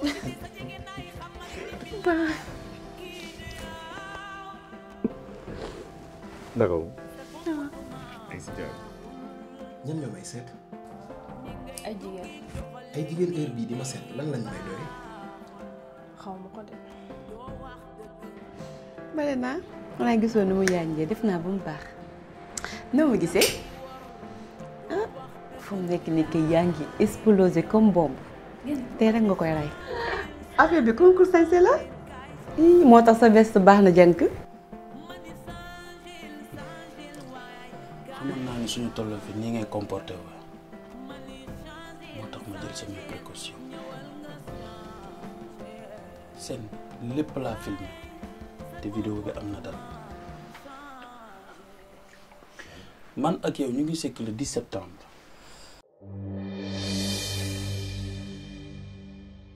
Bye. Nako. ay jigéen. ay jigéen heure bii di ma seet lan lañ may doy. xaw ma ko de. bale naa. xanaa gisoo nu mu yaañjee def naa ba mu baax. noo ma gisee. ah fu mu nekk nii kay yaa comme bombe. tere nga koy rey affaire bi concours sañse la moo tax sa veste baax na jànk xamoon naa ni suñu toll fi nii ngay comporté wa moo tax ma jël samay précaution seen lépp laa filmé te vidéo bi am dal man ak yow ñu ngi sekk 10 septembre